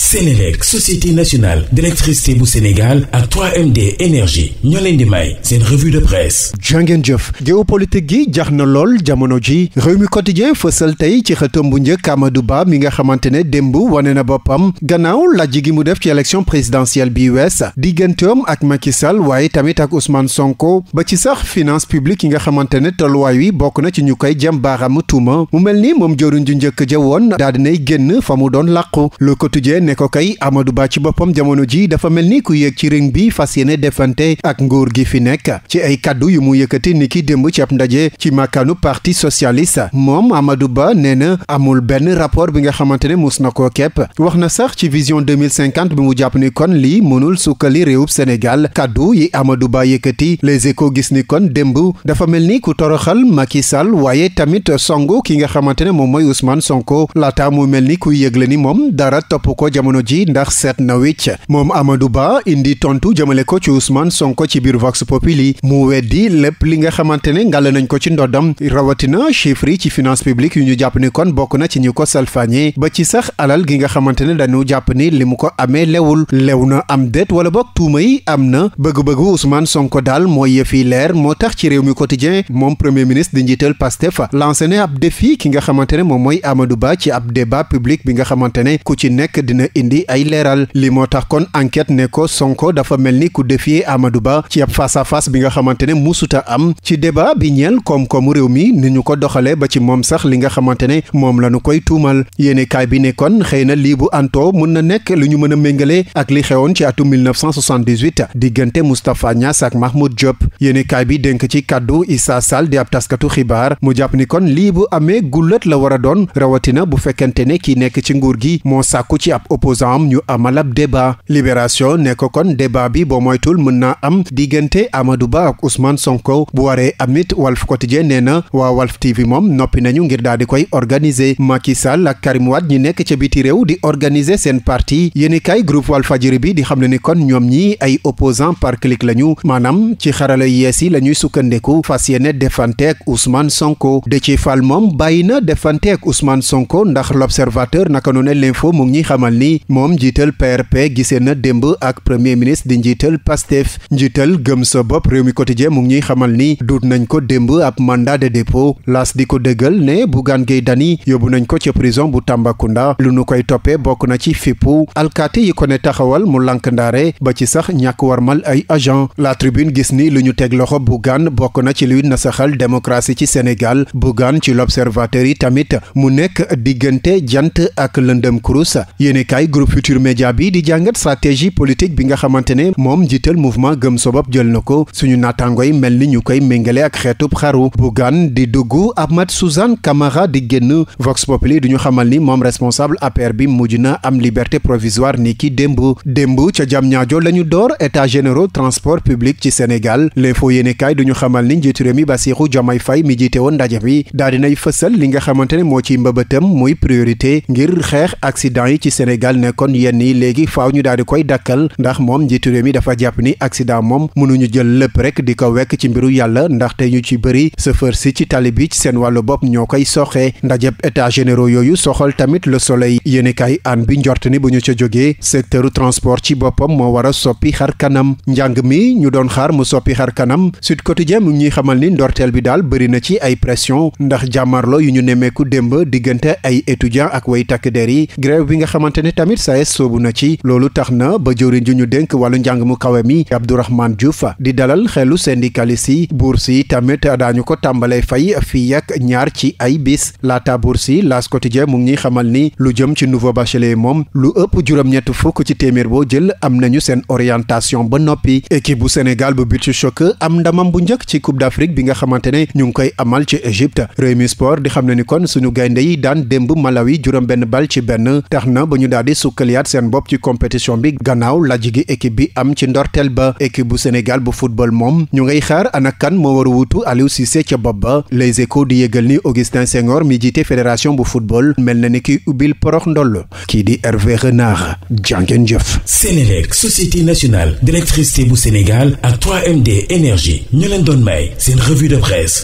Sénélec société nationale d'électricité bu Sénégal ak 3MD énergie ñoo leen di may seen revue de presse jàngeen jëf géopolitique gi jax na lool jamono ji réew mi quotidien fësal tey ci xëtam bu njëkk a du Ba mi nga xamante ne démb wane na boppam gannaaw lajj gi mu def ci élection présidentielle bi wees digganteem ak Macky Sall waaye tamit ak Ousmane Sonko ba ci sax finance publique yi nga xamante ne tolluwaay wi bokk na ci ñu koy jëm baaraamu tuuma mu mel ni moom jëruñ ju njëkk ja woon daal dinay génn fa mu doon làqu le quotidien ne ko kay Amadou Ba ci boppam jamono ji dafa mel ni ku yéeg ci ring bi fas yéene defante ak nguur gi fi nekk ci ay kaddu yu mu yëkkati ni ki démb ci ab ndaje ci makaanu parti socialiste moom amadu Ba nee na amul benn rapport bi nga xamante ne mus na koo képp wax na sax ci vision 2050 bi mu jàpp ni kon lii mënul sukkali réewub Sénégal kaddu yi amadu Ba yëkkati les ko gis ni kon démb dafa mel ni ku toroxal Macky Sall waaye tamit songu ki nga xamante ne moom mooy Ousmane Sonko laata mu mel ni ku yëgle moom jamono ji ndax seet na wicc moom Amadou Ba indi tontu jëmale ko ci Ousmane Sonko ci biir Vox Populi mu weddi lépp li nga xamante ne ngàll nañ ko ci ndoddam rawatina chiffre yi ci finance publique yu ñu jàpp ni kon bokk na ci ñu ko salfaañee ba ci sax alal gi nga xamante ne dañu jàpp ni li mu ko amee lewul lew na am déet wala boog tuuma am na bëgg-bëggu Ousmane Sonko daal mooy yëfi leer moo tax ci réew mi quotidien moom premier ministre di njiital Pastef lancé ne ab défi ki nga xamante dina indi ay leeral li moo tax kon enquête ne ko Sonko dafa mel ni ku défier amadu Ba ci ab face à bi nga xamante ne musuta am ci débat bi ñeel koom-koomu réew mi ni ñu ko doxalee ba ci moom sax li nga xamante ne moom la ñu koy tuumal yéene kaay bi ne kon xëy na lii bu anto mën na nekk lu ñu mën a méngale ak li xewoon ci atum 1978 diggante Moustapha Niass ak Mahmoud Diop yéene kaay bi dénk ci kàddu Issa Sall di ab taskatu xibaar mu jàpp ni kon lii bu amee gullat la war a doon rawatina bu fekkente ne kii nekk ci nguur gi moo sàkku ci ab opposant am ñu amal ab débat libération ne ko kon débat bi boo moytul mën naa am diggante Amadou Ba ak Ousmane Sonko bu waree amit Walf Quotidien nee na waa Walf TV moom noppi nañu ngir daal di koy organiser Macky Sall ak Karim ñi nekk ca biti réew di organisé seen parti yéeni kay groupe Walfadjri bi di xam ne ni kon ñoom ñi ay opposant par clic lañu maanaam ci xarala yees yi la ñuy sukkandeku fas yéene defante ak Ousmane Sonko de ci fal moom bàyyi na defante ak Ousmane Sonko ndax l'observateur naka ni moom njiital PRP gisee na démb ak premier ministre di njiital Pastef njiital gëm sa bopp réew mi quotidien mu ngi ñuy xamal ni duut nañ ko démb ab mandat de dépôt las di ko dëggal ne Bougane Gueye Dany yóbbu nañ ko ca prison bu Tambacounda lu nu koy toppee bokk na ci fippu alkaati yi ko ne taxawal mu lank ndaare ba ci sax ñàkk warmal ay agent la tribune gis ni lu ñu teg loxo Bougane bokk na ci luy nasaxal démocratie ci Sénégal Bougane ci l'observateur yi tamit mu nekk diggante jant ak lëndëm kurus yéenekaay groupe Futur Média bi di jàngat stratégie politique bi nga xamante ne moom njiital mouvement gëm sa bopp jël na ko suñu naataango mel ni ñu koy méngale ak xeetub xaru Bougane di dugg Ahmad Suzanne Camara di génn Vox Populi du ñu xamal ni moom responsable APR bi mujj na am liberté provisoire ni ki démb démb ca Diamniadio la ñu door état générau transport public ci Sénégal l'info yéenekaay du ñu xamal ni njiitu réew mi Bassirou Diomaye fay mi jiite woon ndaje bi daal dinay fësal li nga xamante ne moo ciy mbëbëtam muy priorité ngir xeex accident yi ci Sénégal ne kon yenn yi léegi faaw ñu daal di koy dakkal ndax moom njiitu réew mi dafa jàpp ni accident moom mënuñu jël lépp rek di ko wekk ci mbiru yàlla ndax te ñu ci bëri sëfër si ci tali bi ci seen wàllu bopp ñoo koy soxee ndajeb état généraux yooyu soxal tamit le soleil yéenekaay aan bi njort ni bu ñu ca jógee secteuru transport ci boppam moo war a soppi xar kanam njàng mi ñu doon xaar mu soppi xar kanam Sud Quotidien mu ñuy xamal ni ndorteel bi daal bëri na ci ay pression ndax jàmmarlo yu ñu nemmeeku démb diggante ay étudiants ak way takk ne tamit SAES soobu na ci loolu tax na ba jëwriñ ju ñu dénk wàllu njàng mu kawe mi Abdourahmane Diouf di dalal xelu syndicaliste yi buur si tamit daañu ko tàmbalee fay fii ak ñaar ci ay bis laata bourse yi L'As Quotidien mu ngi ñuy xamal ni lu jëm ci nouveau bachelier moom lu ëpp juróom fukk ci téeméer boo jël am nañu seen orientation ba noppi équipe bu Sénégal bu but choc am ndamam bu njëkk ci Coupe d'Afrique bi nga xamante ne ñu ngi koy amal ci Égypte Rewmi Sport di xam ne ni kon suñu gaynde yi daan démb Malawi juróom benn bal ci benn daal di sukkaliyaat seen bopp ci compétition bi gannaaw lajj gi équipe bi am ci ndorteel ba équipe bu Sénégal bu football moom ñu ngay xaar ana kan moo war a wutu Aliou se ca bopp ba les échos di yëgal ni Augustin Senghor mi jiite fédération bu football mel na ni kiy ubbil porox ndoll kii di Hervé Renard jàngeen jëf Sénélec société nationale d'électricité bu Sénégal ak 3MD énergie ñu leen doon may seen revue de presse